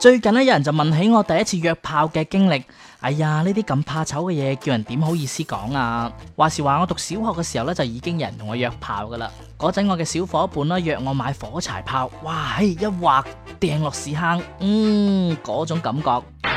最近呢，有人就問起我第一次約炮嘅經歷。哎呀，呢啲咁怕醜嘅嘢，叫人點好意思講啊？話時話，我讀小學嘅時候呢，就已經有人同我約炮㗎喇。嗰陣我嘅小夥伴呢，約我買火柴炮，哇嘿，一劃掟落屎坑，嗯，嗰種感覺。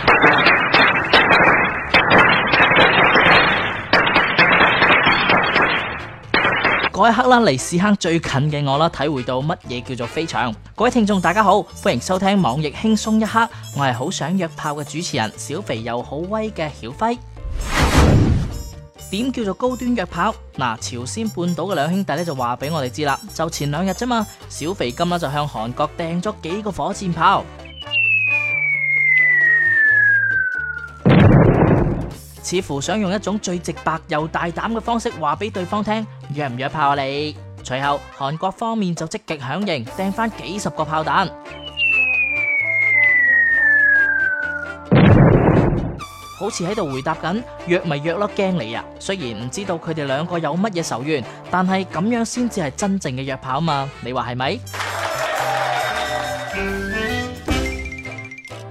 嗰一刻啦，離屎坑最近嘅我啦，體會到乜嘢叫做飛翔。各位聽眾大家好，歡迎收聽網易輕鬆一刻，我係好想約炮嘅主持人小肥又好威嘅曉輝。點叫做高端約炮？嗱，朝鮮半島嘅兩兄弟咧就話俾我哋知啦，就前兩日啫嘛，小肥今晚就向韓國訂咗幾個火箭炮。似乎想用一種最直白又大膽嘅方式話俾對方聽，約唔約炮啊你？隨後韓國方面就積極響應，掟翻幾十個炮彈， 好似喺度回答緊，約咪約咯驚你啊！雖然唔知道佢哋兩個有乜嘢仇怨，但係咁樣先至係真正嘅約炮嘛！你話係咪？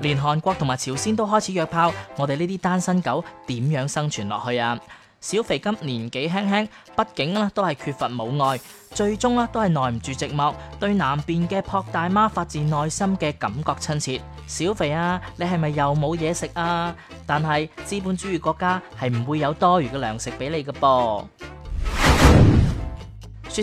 連韓國同埋朝鮮都開始約炮，我哋呢啲單身狗點樣生存落去啊？小肥今年紀輕輕，畢竟啦都係缺乏母愛，最終啦都係耐唔住寂寞，對南邊嘅朴大媽發自內心嘅感覺親切。小肥啊，你係咪又冇嘢食啊？但係資本主義國家係唔會有多餘嘅糧食俾你嘅噃。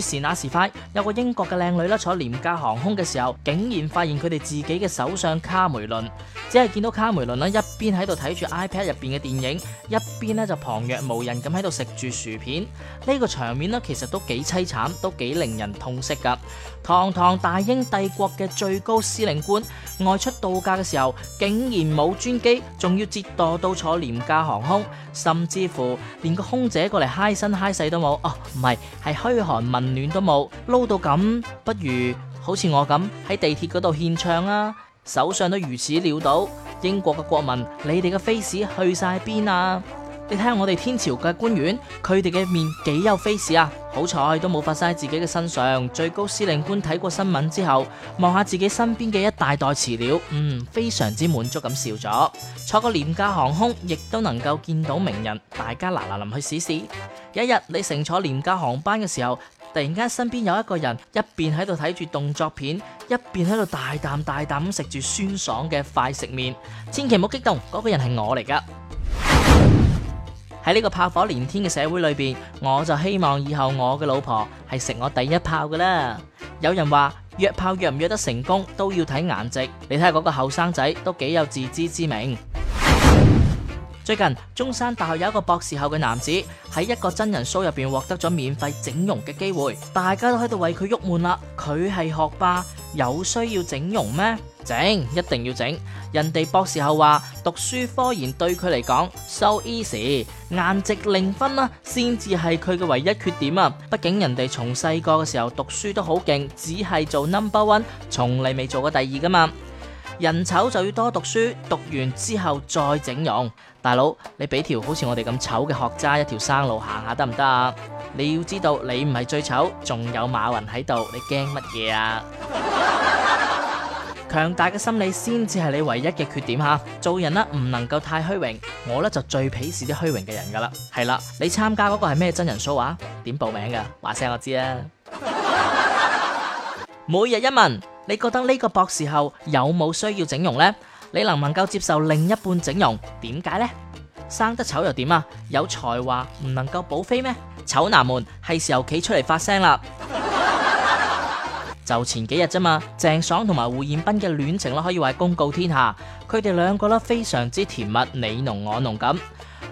說時那時快，有個英國嘅靚女咧坐廉價航空嘅時候，竟然發現佢哋自己嘅首相卡梅倫，只係見到卡梅倫咧一邊喺度睇住 iPad 入邊嘅電影，一邊咧就旁若無人咁喺度食住薯片。呢個場面咧其實都幾凄慘，都幾令人痛惜噶。堂堂大英帝國嘅最高司令官，外出度假嘅時候竟然冇專機，仲要折墮到坐廉價航空，甚至乎連個空姐過嚟嗨身嗨世都冇。哦，唔係，係嘘寒問。暖都冇，撈到咁，不如好似我咁喺地鐵嗰度獻唱啊！首相都如此潦倒，英國嘅國民，你哋嘅 face 去晒邊啊？你睇下我哋天朝嘅官員，佢哋嘅面幾有 face 啊？好彩都冇發生喺自己嘅身上。最高司令官睇過新聞之後，望下自己身邊嘅一大袋飼料，嗯，非常之滿足咁笑咗。坐個廉價航空亦都能夠見到名人，大家嗱嗱臨去試試。有一日你乘坐廉價航班嘅時候。突然間身邊有一個人一邊喺度睇住動作片，一邊喺度大啖大啖食住酸爽嘅快食麵，千祈唔好激動，嗰、那個人係我嚟噶。喺呢 個炮火連天嘅社會裏邊，我就希望以後我嘅老婆係食我第一炮噶啦。有人話約炮約唔約得成功都要睇顏值，你睇下嗰個後生仔都幾有自知之明。最近中山大學有一個博士後嘅男子喺一個真人 show 入邊獲得咗免費整容嘅機會，大家都喺度為佢鬱悶啦。佢係學霸，有需要整容咩？整，一定要整。人哋博士後話讀書科研對佢嚟講 so easy，顏值零分啦，啊，先至係佢嘅唯一缺點啊。畢竟人哋從細個嘅時候讀書都好勁，只係做 number one，從嚟未做過第二噶嘛。人醜就要多讀書，讀完之後再整容。大佬，你俾條好似我哋咁醜嘅學渣一條生路走走走行下得唔得啊？你要知道，你唔係最醜，仲有馬雲喺度，你驚乜嘢啊？ 強大嘅心理先至係你唯一嘅缺點吓，做人啦，唔能夠太虛榮。我咧就最鄙視啲虛榮嘅人噶啦。係啦，你參加嗰個係咩真人 show 啊？點報名噶？話聲我，我知啊。 每日一問。你覺得呢個博士後有冇需要整容呢？你能唔能夠接受另一半整容？點解呢？生得醜又點啊？有才華唔能夠補飛咩？醜男們係時候企出嚟發聲啦！就前幾日啫嘛，鄭爽同埋胡彥斌嘅戀情咧，可以話係公告天下，佢哋兩個咧，非常之甜蜜，你儂我儂咁。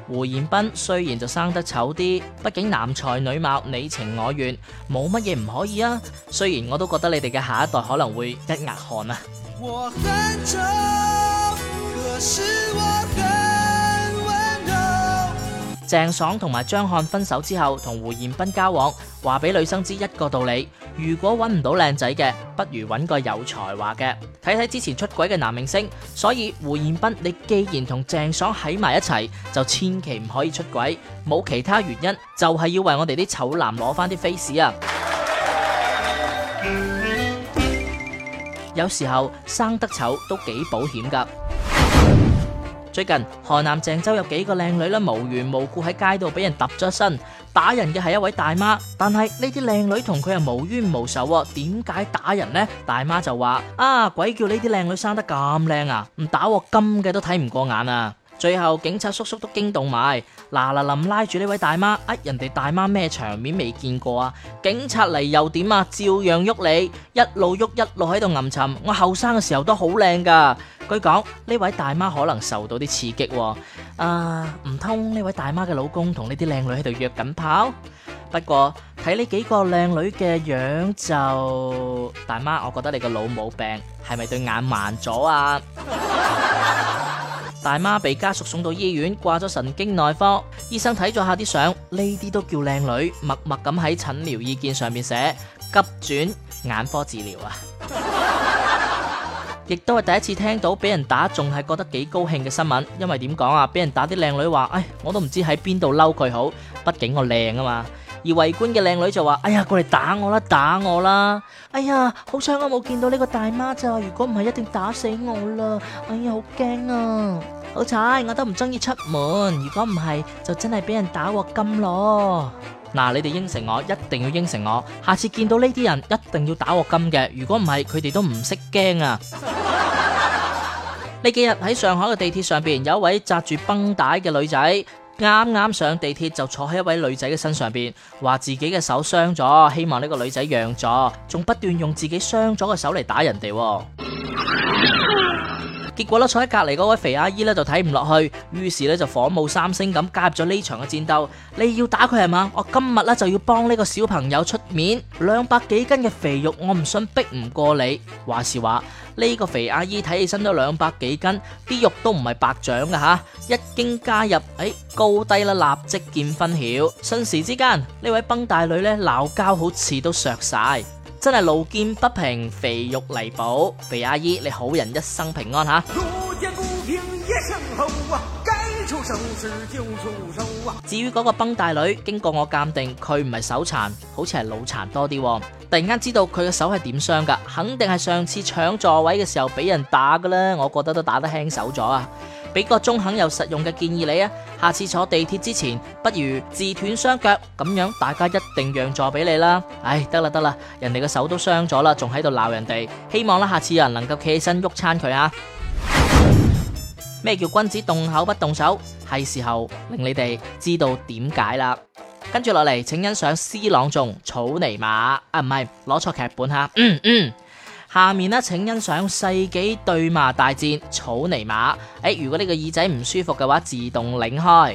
胡彥斌雖然就生得醜啲，畢竟男才女貌，你情我願，冇乜嘢唔可以啊。雖然我都覺得你哋嘅下一代可能會一額汗啊。鄭爽同埋張翰分手之後，同胡彥斌交往，話俾女生知一個道理。如果揾唔到靚仔嘅，不如揾個有才華嘅，睇睇之前出軌嘅男明星。所以胡彥斌，你既然同鄭爽喺埋一齊，就千祈唔可以出軌。冇其他原因，就係、是、要為我哋啲醜男攞翻啲 face 啊！ 有時候生得醜都幾保險噶。最近河南鄭州有幾個靚女啦，無緣無故喺街度俾人揼咗身，打人嘅係一位大媽，但係呢啲靚女同佢又無冤無仇啊，點解打人呢？大媽就話啊，鬼叫呢啲靚女生得咁靚啊，唔打喎、啊、金嘅都睇唔過眼啊！最後警察叔叔都驚動埋，嗱嗱臨拉住呢位大媽，啊，人哋大媽咩場面未見過啊？警察嚟又點啊？照樣喐你，一路喐一路喺度吟沉。我後生嘅時候都好靚㗎。據講呢位大媽可能受到啲刺激啊，啊，唔通呢位大媽嘅老公同呢啲靚女喺度約緊炮？不過睇呢幾個靚女嘅樣就，大媽，我覺得你個老母病係咪對眼盲咗啊？大媽被家屬送到醫院，掛咗神經內科。醫生睇咗下啲相，呢啲都叫靚女，默默咁喺診療意見上面寫急轉眼科治療啊。亦都係第一次聽到俾人打仲係覺得幾高興嘅新聞，因為點講啊？俾人打啲靚女話，唉，我都唔知喺邊度嬲佢好，畢竟我靚啊嘛。而圍觀嘅靚女就話：哎呀，過嚟打我啦，打我啦！哎呀，好彩我冇見到呢個大媽咋，如果唔係一定打死我啦！哎呀，好驚啊！好彩我都唔中意出門，如果唔係就真係俾人打鑊金咯！嗱，你哋應承我，一定要應承我，下次見到呢啲人一定要打鑊金嘅，如果唔係佢哋都唔識驚啊！呢幾日喺上海嘅地鐵上邊，有一位紮住繃帶嘅女仔。啱啱上地鐵就坐喺一位女仔嘅身上邊，話自己嘅手傷咗，希望呢個女仔讓咗，仲不斷用自己傷咗嘅手嚟打人哋、哦。 結果咧，坐喺隔籬嗰位肥阿、呃、姨呢，就睇唔落去，於是呢，就火冒三星咁加入咗呢場嘅戰鬥。你要打佢係嘛？我今日呢，就要幫呢個小朋友出面，兩百幾斤嘅肥肉，我唔信逼唔過你。話是話。呢個肥阿姨睇起身都兩百幾斤，啲肉都唔係白長嘅嚇。一經加入，哎高低啦，立即見分曉。瞬時之間，呢位繃大女咧鬧交，好似都削晒，真係路見不平，肥肉嚟補。肥阿姨，你好人一生平安嚇。路見不平一聲吼啊。至於嗰個繃帶女，經過我鑒定，佢唔係手殘，好似係腦殘多啲。突然間知道佢嘅手係點傷噶，肯定係上次搶座位嘅時候俾人打噶啦。我覺得都打得輕手咗啊！俾個中肯又實用嘅建議你啊，下次坐地鐵之前，不如自斷雙腳，咁樣大家一定讓座俾你啦。唉，得啦得啦，人哋嘅手都傷咗啦，仲喺度鬧人哋。希望啦，下次有人能夠企起身喐餐佢啊！咩叫君子動口不動手？係時候令你哋知道點解啦。跟住落嚟，請欣賞詩朗誦《草泥馬》啊，唔係，攞錯劇本吓。嗯嗯，下面呢，請欣賞世紀對罵大戰《草泥馬》。哎，如果呢個耳仔唔舒服嘅話，arrogant, 自動擰開。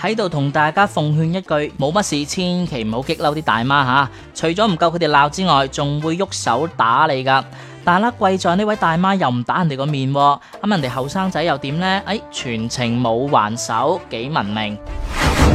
喺度同大家奉勸一句，冇乜事，千祈唔好激嬲啲大媽吓，除咗唔夠佢哋鬧之外，仲會喐手打你噶。但係咧，貴在呢位大媽又唔打人哋個面，咁人哋後生仔又點呢？哎，全程冇還手，幾文明。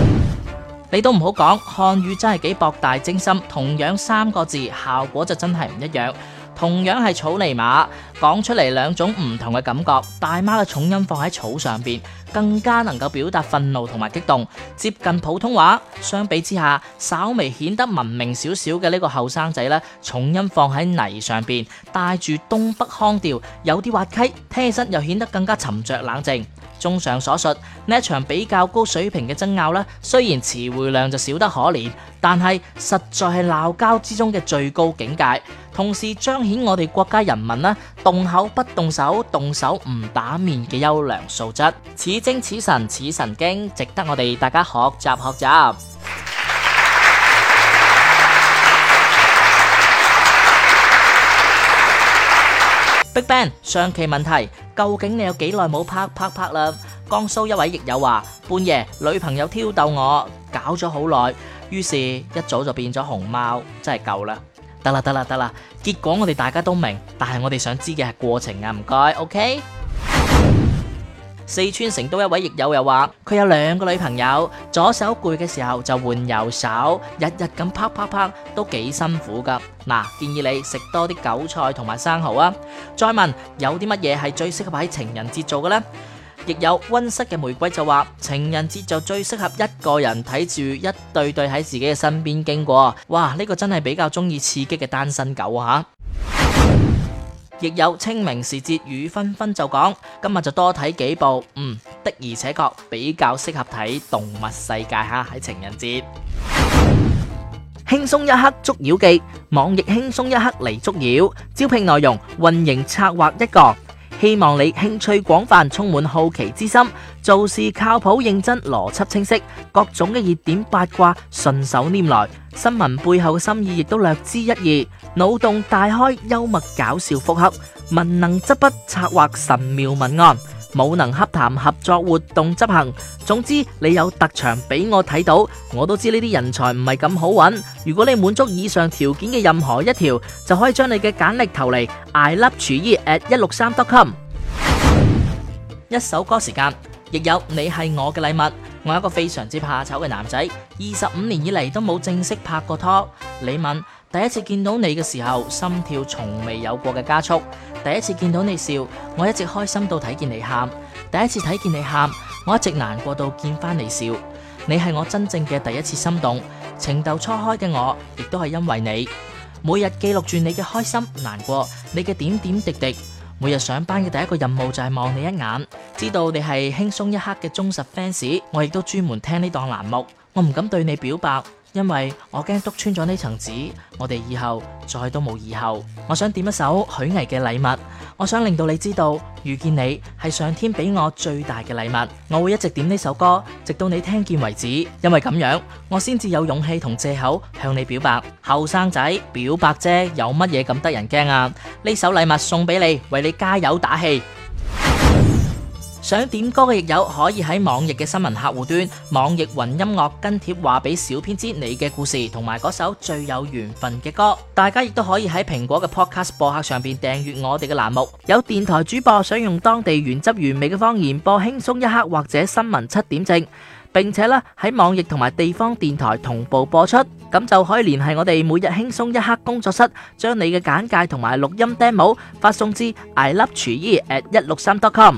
你都唔好講，漢語真係幾博大精深，同樣三個字，效果就真係唔一樣。同樣係草泥馬講出嚟兩種唔同嘅感覺，大媽嘅重音放喺草上邊，更加能夠表達憤怒同埋激動，接近普通話；相比之下，稍微顯得文明少少嘅呢個後生仔咧，重音放喺泥上邊，帶住東北腔調，有啲滑稽，聽起身又顯得更加沉着冷靜。綜上所述，呢一場比較高水平嘅爭拗呢，雖然詞彙量就少得可憐，但係實在係鬧交之中嘅最高境界，同時彰顯我哋國家人民呢「動口不動手，動手唔打面」嘅優良素質。此精此神此神經，值得我哋大家學習學習。Big Bang，上期問題究竟你有幾耐冇拍拍拍啦？江蘇一位譯友話：半夜女朋友挑逗我，搞咗好耐，於是，一早就變咗熊貓，真係夠啦！得啦得啦得啦，結果我哋大家都明，但係我哋想知嘅係過程啊，唔該，OK。四川成都一位亦友又話佢有兩個女朋友，左手攰嘅時候就換右手，日日咁啪啪啪啪都幾辛苦噶。嗱，建議你食多啲韭菜同埋生蠔啊！再問有啲乜嘢係最適合喺情人節做嘅呢？亦有溫室嘅玫瑰就話情人節就最適合一個人睇住一對對喺自己嘅身邊經過。哇！呢、這個真係比較中意刺激嘅單身狗啊。亦有清明時節雨紛紛就講，今日就多睇幾部，嗯，的而且確比較適合睇《動物世界》哈，喺情人節，輕鬆一刻捉妖記，網易輕鬆一刻嚟，捉妖，招聘內容運營策劃一個。希望你興趣廣泛，充滿好奇之心，做事靠譜認真，邏輯清晰，各種嘅熱點八卦順手拈來，新聞背後嘅心意亦都略知一二，腦洞大開，幽默搞笑，複合文能執筆策劃神妙文案。冇能洽談合作活動執行。總之，你有特長俾我睇到，我都知呢啲人才唔係咁好揾。如果你滿足以上條件嘅任何一條，就可以將你嘅簡歷投嚟，ilovechuy@163.com。 一首歌時間，亦有你係我嘅禮物。我係一個非常之怕醜嘅男仔，二十五年以嚟都冇正式拍過拖。李敏第一次見到你嘅時候，心跳從未有過嘅加速。第一次見到你笑，我一直開心到睇見你喊；第一次睇見你喊，我一直難過到見翻你笑。你係我真正嘅第一次心動，情竇初開嘅我亦都係因為你。每日記錄住你嘅開心、難過，你嘅點點滴滴。每日上班嘅第一個任務就係望你一眼，知道你係輕鬆一刻嘅忠實 fans。我亦都專門聽呢檔欄目，我唔敢對你表白。因為我驚督穿咗呢層紙，我哋以後再都冇以後。我想點一首許巍嘅禮物，我想令到你知道，遇見你係上天俾我最大嘅禮物。我會一直點呢首歌，直到你聽見為止。因為咁樣，我先至有勇氣同借口向你表白。後生仔，表白啫，有乜嘢咁得人驚啊？呢首禮物送俾你，為你加油打氣。想點歌嘅益友可以喺網易嘅新聞客戶端、網易雲音樂跟帖話俾小編知你嘅故事同埋嗰首最有緣分嘅歌。大家亦都可以喺蘋果嘅 Podcast 播客上邊訂閱我哋嘅欄目。有電台主播想用當地原汁原味嘅方言播輕鬆一刻或者新聞七點正，並且咧喺網易同埋地方電台同步播出，咁就可以聯繫我哋每日輕鬆一刻工作室，將你嘅簡介同埋錄音 demo 發送至 ilovechuyi@163 .com。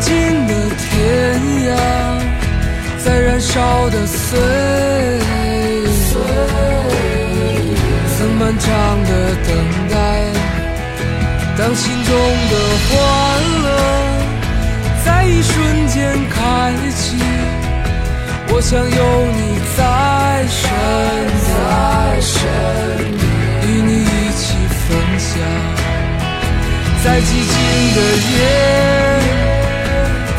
近的天涯，在燃燒的歲，歲月，曾漫長的等待，當心中的歡樂在一瞬間開啟，我想有你在身邊，在身邊，與你一起分享，在寂靜的夜。